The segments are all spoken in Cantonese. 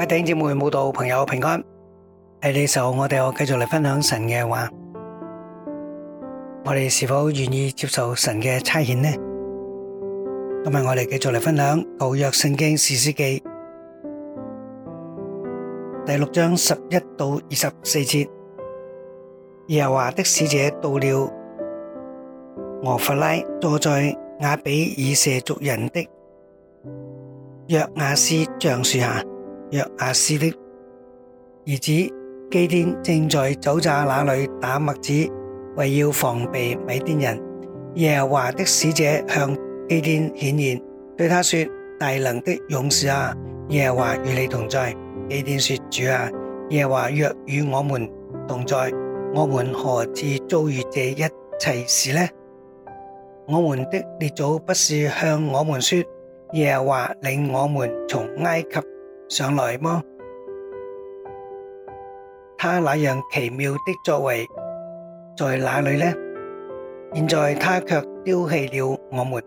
各位弟兄姊妹、啊、舞蹈朋友平安，喺呢時候我哋又繼續嚟分享神嘅話，我哋是否願意接受神嘅差遣呢？今日我哋繼續嚟分享舊約聖經士師記第六章十一到二十四節，耶和華的使者到了俄弗拉，坐在亞比以謝族人的約亞斯橡樹下。約阿斯的兒子基甸正在酒榨，那裏打麥子，為要防備米甸人。耶華的使者向基甸顯現，對他說：大能的勇士啊，耶華與你同在。基甸說：主啊，耶華若與我們同在，我們何至遭遇這一切事呢？我們的列祖不是向我們說，耶華領我們從埃及？上來麼？他那樣奇妙的作為在哪裏呢？現在他卻丟棄了我們，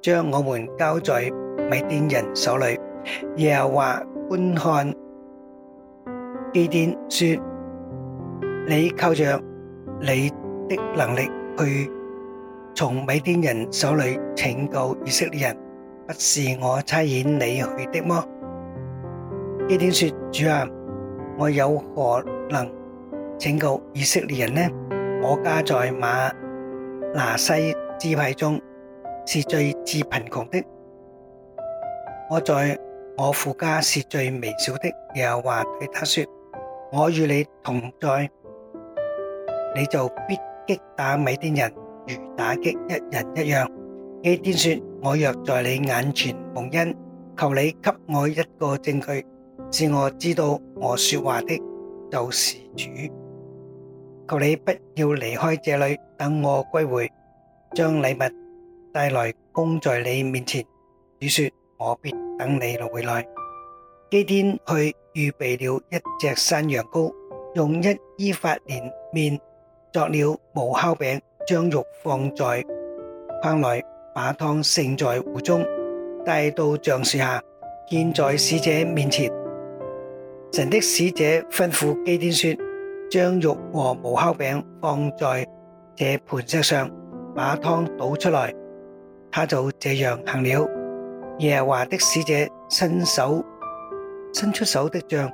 將我們交在米甸人手裏，耶和華觀看基甸說：你靠着你的能力去從米甸人手裏拯救以色列人，不是我差遣你去的麼？基甸說：主啊，我有何能拯救以色列人呢？我家在馬拿西支派中是最至貧窮的，我在我父家是最微小的。耶和華對他說：我與你同在，你就必擊打米甸人，如打擊一人一樣。基甸說：我若在你眼前蒙恩，求你給我一個證據。是我知道我說話的就是主，求你不要離開這裏，等我歸回，將禮物帶來供在你面前。主說：我必等你回來。基甸去預備了一隻山羊羔，用一伊法蓮麵作了無酵餅，將肉放在筐裏，把湯盛在壺中，帶到橡樹下，獻在使者面前。神的使者吩咐基甸說：將肉和無酵餅放在這磐石上，把湯倒出來。他就這樣行了。耶華的使者伸手伸出手的杖，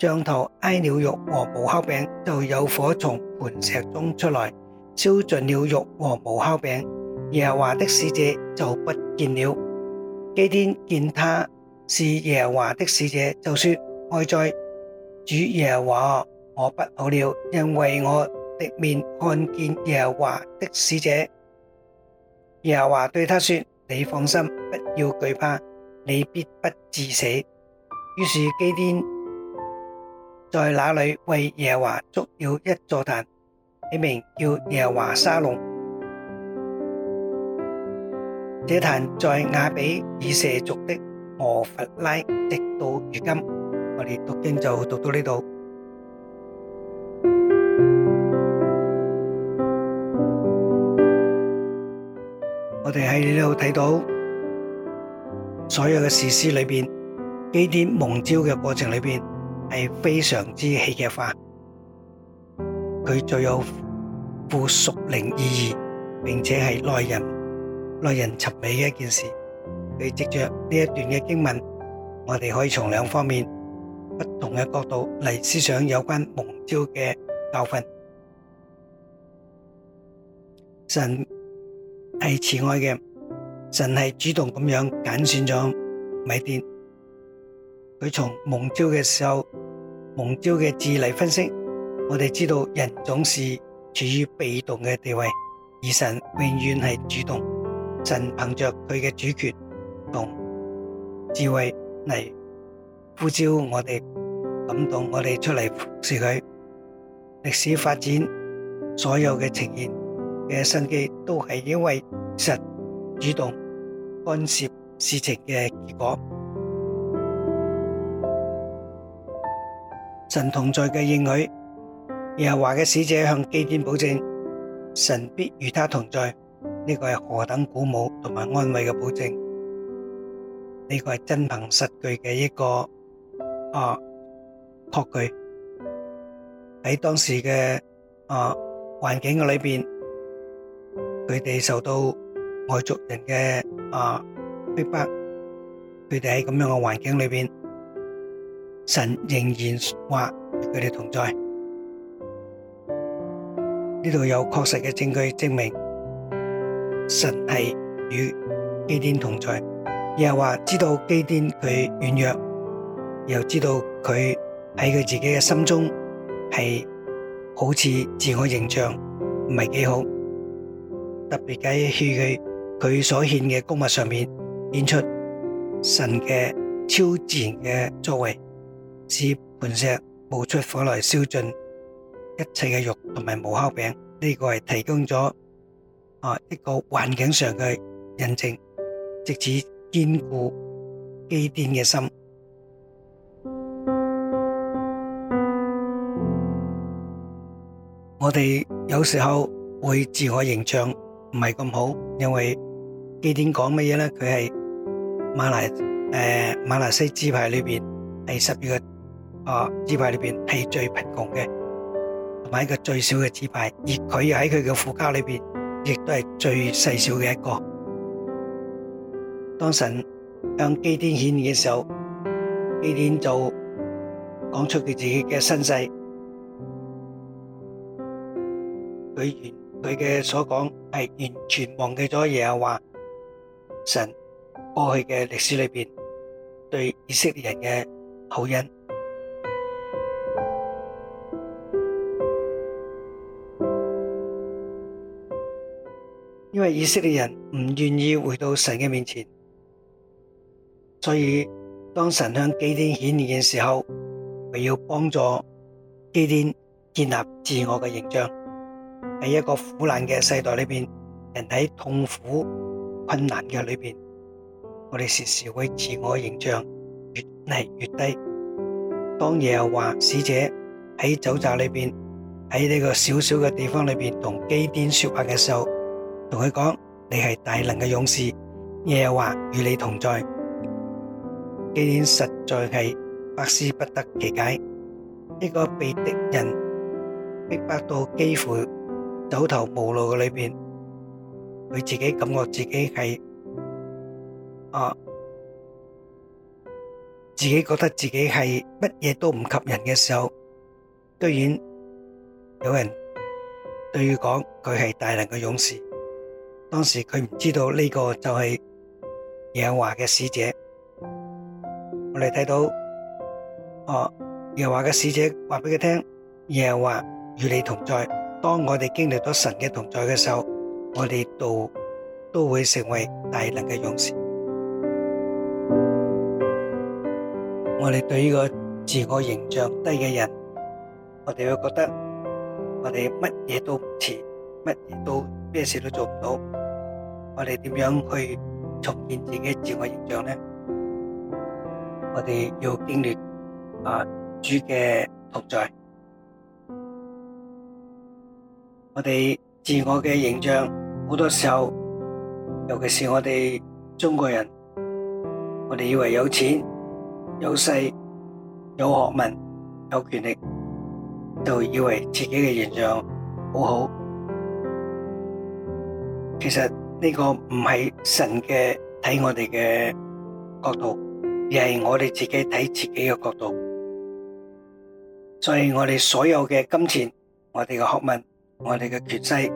杖頭挨了肉和無酵餅，就有火從磐石中出來，燒盡了肉和無酵餅。耶華的使者就不見了。基甸見他是耶華的使者，就說。哀哉，主耶和華，我不好了，因為我的面看見耶和華的使者。耶和華對他說：你放心，不要懼怕，你必不致死。於是基甸在那裏為耶和華築了一座壇，起名叫耶和華沙龍。這壇在亞比以謝族的俄弗拉，直到如今。我哋讀經就讀到呢度。我哋喺呢度睇到所有嘅事實裏邊，基甸蒙召嘅過程裏邊係非常之戲劇化，佢最有附屬靈意義，並且係耐人耐人尋味嘅一件事。你藉着呢一段嘅經文，我哋可以從兩方面。不同嘅角度嚟，思想有關蒙召嘅教訓。神係慈愛嘅，神係主動咁樣揀選咗米甸。佢從蒙召嘅時候，蒙召嘅字嚟分析，我哋知道人總是處於被動嘅地位，而神永遠係主動。神憑着佢嘅主權同智慧嚟。呼召我哋感動，我哋出嚟服侍佢。歷史發展，所有嘅呈現嘅生機，都係因為神主動干涉事情嘅結果。神同在嘅應許，又係話嘅使者向基甸保證，神必與他同在。呢、這個係何等鼓舞同埋安慰嘅保證。呢、這個係真憑實據嘅一個。啊！托佢喺當時嘅啊環境嘅裏邊，佢哋受到外族人嘅啊逼迫，佢哋喺咁樣嘅環境裏邊，神仍然話佢哋同在。呢度有確實嘅證據證明神係與基甸同在，亦係話知道基甸佢軟弱。又知道佢喺佢自己嘅心中係好似自我形象唔係幾好，特別喺去佢佢所獻嘅供物上面顯出神嘅超自然嘅作為，使磐石冒出火來燒盡一切嘅肉同埋無酵餅。呢個係提供咗啊一個環境上嘅印證，藉此堅固基甸嘅心。哋有時候會自我形象唔係咁好，因為基甸講乜嘢呢？佢係馬來，馬來西支派裡面十佢完嘅所講係完全忘記咗耶和華神過去嘅歷史裏面對以色列人嘅好恩，因為以色列人唔願意回到神嘅面前，所以當神向基甸顯現嘅時候，要幫助基甸建立自我嘅形象。喺一個苦難嘅世代裏邊，人喺痛苦困難嘅裏邊，我哋時時會自我形象越嚟越低。當耶和華使者喺酒醡裏邊，喺呢個小小嘅地方裏邊同基甸說話嘅時候，同佢講你係大能嘅勇士。耶和華與你同在。基甸實在係百思不得其解，呢個被敵人逼迫到幾乎。走投無路嘅裏邊，佢自己感覺自己係啊，自己覺得自己係乜嘢都唔及人嘅時候，居然有人對佢講佢係大能嘅勇士。當時佢唔知道呢個就係耶和華嘅使者。我哋睇到，哦，耶和華嘅使者話俾佢聽，耶和華與你同在。當我們經歷了神的同在的時候，我們都都會成為大能的勇士。我們對這個自我形象低的人，我們會覺得我們什麼東西都不是，什麼東西都什麼東西都做不到，我們怎麼樣去重建自己的自我形象呢？我們要經歷啊主的同在，我哋自我嘅形象，好多時候，尤其是我哋中國人，我哋以為有錢、有勢、有學問、有權力，就以為自己嘅形象好好。其實，呢個唔係神嘅睇我哋嘅角度，而係我哋自己睇自己嘅角度。所以我哋所有嘅金錢，我哋嘅學問。我哋嘅決心，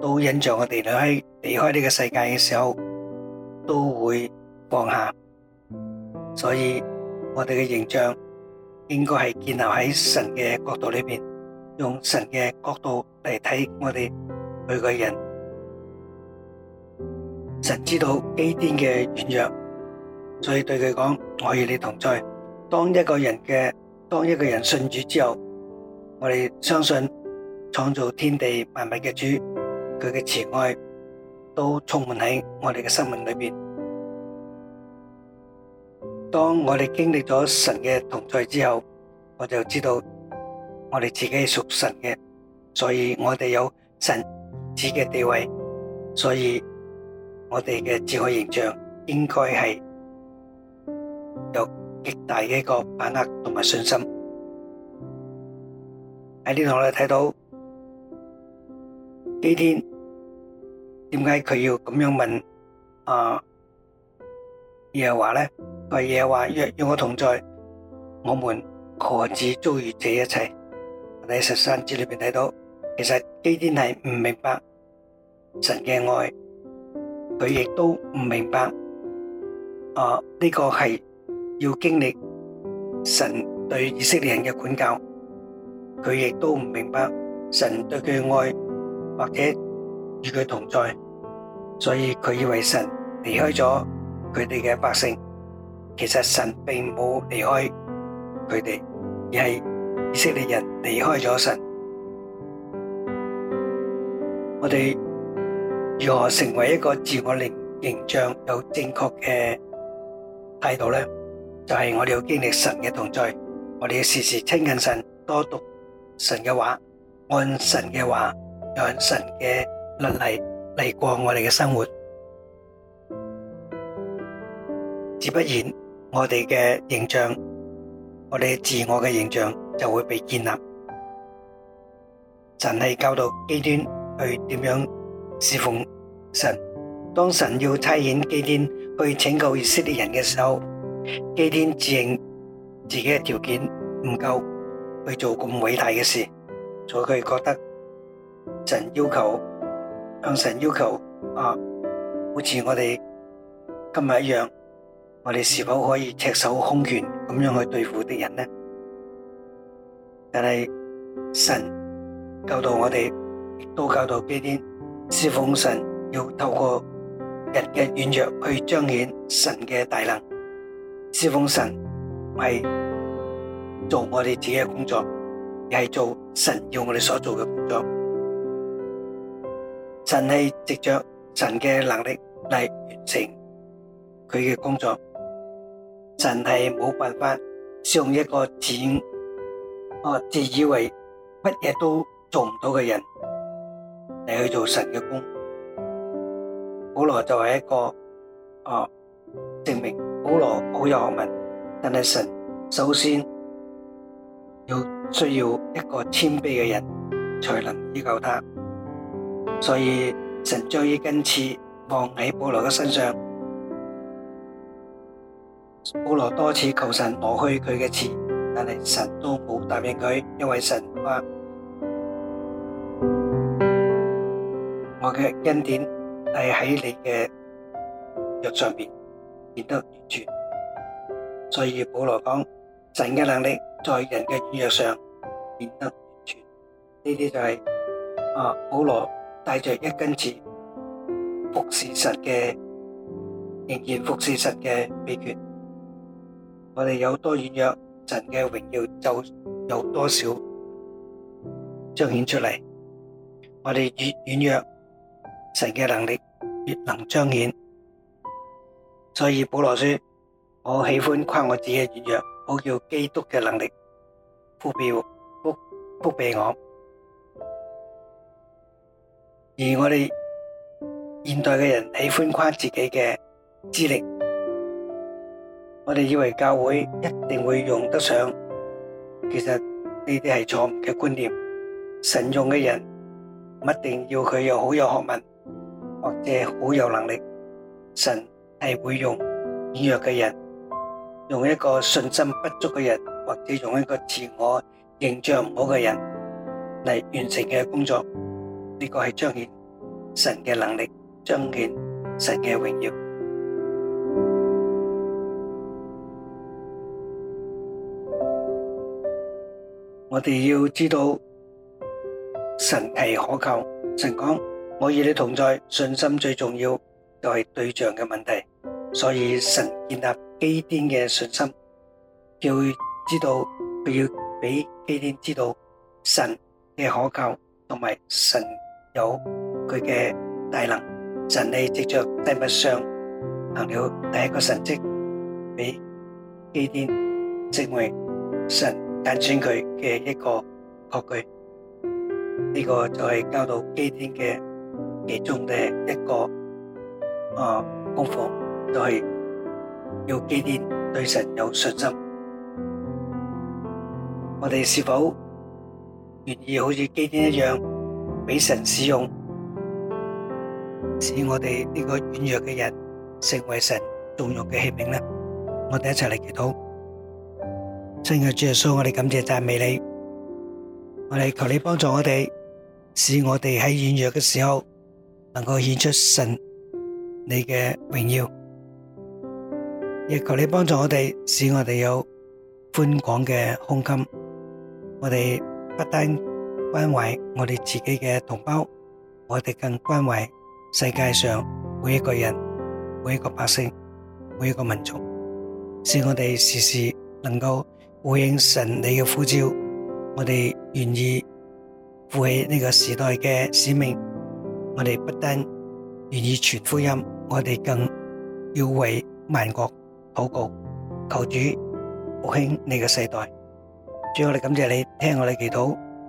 都印象我哋喺離開呢個世界嘅時候都會放下，所以我哋嘅形象應該係建立喺神嘅角度裏邊，用神嘅角度嚟睇我哋每個人。神知道基甸嘅軟弱，所以對佢講：我與你同在。當一個人嘅，當一個人信主之後，我哋相信。創造天地萬物嘅主，佢嘅慈愛都充滿喺我哋嘅生命裏面。當我哋經歷咗神嘅同在之後，我就知道基甸點解佢要咁樣問啊？耶和華呢，耶和華話，若與我同在，我們何止遭遇這一切？喺十三節裏邊睇到，其實基甸係唔明白神嘅愛，佢亦都唔明白啊！呢個係要經歷神對以色列人嘅管教，佢亦都唔明白神對佢嘅愛。或者與佢同在，所以佢以為神離開咗佢哋嘅百姓。其實神並冇離開佢哋，而係以色列人離開咗神。我哋如何成為一個自我形象有正確嘅態度咧？就係我哋要經歷神嘅同在，我哋要時時親近神，多讀神嘅話，按神嘅話。用神嘅神要求向神要求啊，好似我哋今日一樣，我哋是否可以赤手空拳咁樣去對付敵人呢？但係神教導我哋，亦都教導基甸，事奉。神要透過人嘅軟弱去彰顯神嘅大能。事奉神唔係做我哋自己嘅工作，而係做神要我哋所做嘅工作。神係藉着神嘅能力嚟完成佢嘅工作，神係冇辦法用一個自哦自以為乜嘢都做唔到嘅人嚟去做神嘅工。保羅就係一個哦證明，保羅好有學問，但係神首先要需要一個謙卑嘅人才能依靠他。所以神將呢根刺放喺保羅嘅身上，保羅多次求神挪去佢嘅刺，但係神都冇答應佢，因為神話，我嘅恩典係喺你嘅肉上面，變得完全。所以保羅講，神嘅能力在人嘅軟弱上變得完全，呢啲就係、是、啊保羅。帶着一根刺服事神嘅，仍然服事神嘅秘訣。我哋有多軟弱，神嘅榮耀就有多少彰顯出嚟。我哋越軟弱，神嘅能力越能彰顯。所以保羅說：我喜歡誇我自己嘅軟弱，我叫基督嘅能力覆庇我。而我哋現代嘅人喜歡誇自己嘅資歷，我哋以為教會一定會用得上，其實呢啲係錯誤嘅觀念。神用嘅人唔一定要佢有好有學問，或者好有能力。神係會用軟弱嘅人，用一個信心不足嘅人，或者用一個自我形象唔好嘅人嚟完成嘅工作。呢個係彰顯神嘅能力，彰顯神嘅榮耀。我哋要知道神係可靠，神講我與你同在。信心最重要就係對象嘅問題，所以神建立基天嘅信心，叫佢知道佢要俾基天知道神嘅可靠同埋神。有佢嘅大能神力，藉着西密上行了第一個神蹟，俾基天成為神揀選佢嘅一個國據。呢個就係教導基天嘅其中嘅一個啊功課，就係要基天對神有信心。我哋是否願意好似基天一樣？俾神使用，使我哋呢個軟弱嘅人成為神重用嘅器皿咧。我哋一齊嚟祈禱。親愛的主耶穌，我哋感謝讚美你。我哋求你幫助我哋，使我哋喺軟弱嘅時候能夠顯出神你嘅榮耀。亦求你幫助我哋，使我哋有寬廣嘅胸襟。我哋不單，關懷我哋自己嘅同胞，我哋更關懷世界上每一個人，每一個百姓，每一個民族，使我哋時時能夠回應神你嘅呼召。我哋願意負起呢個時代嘅使命，我哋不單願意傳福音，我哋更要為萬國禱告，求主復興呢個世代。主，我哋感謝你聽我哋祈禱。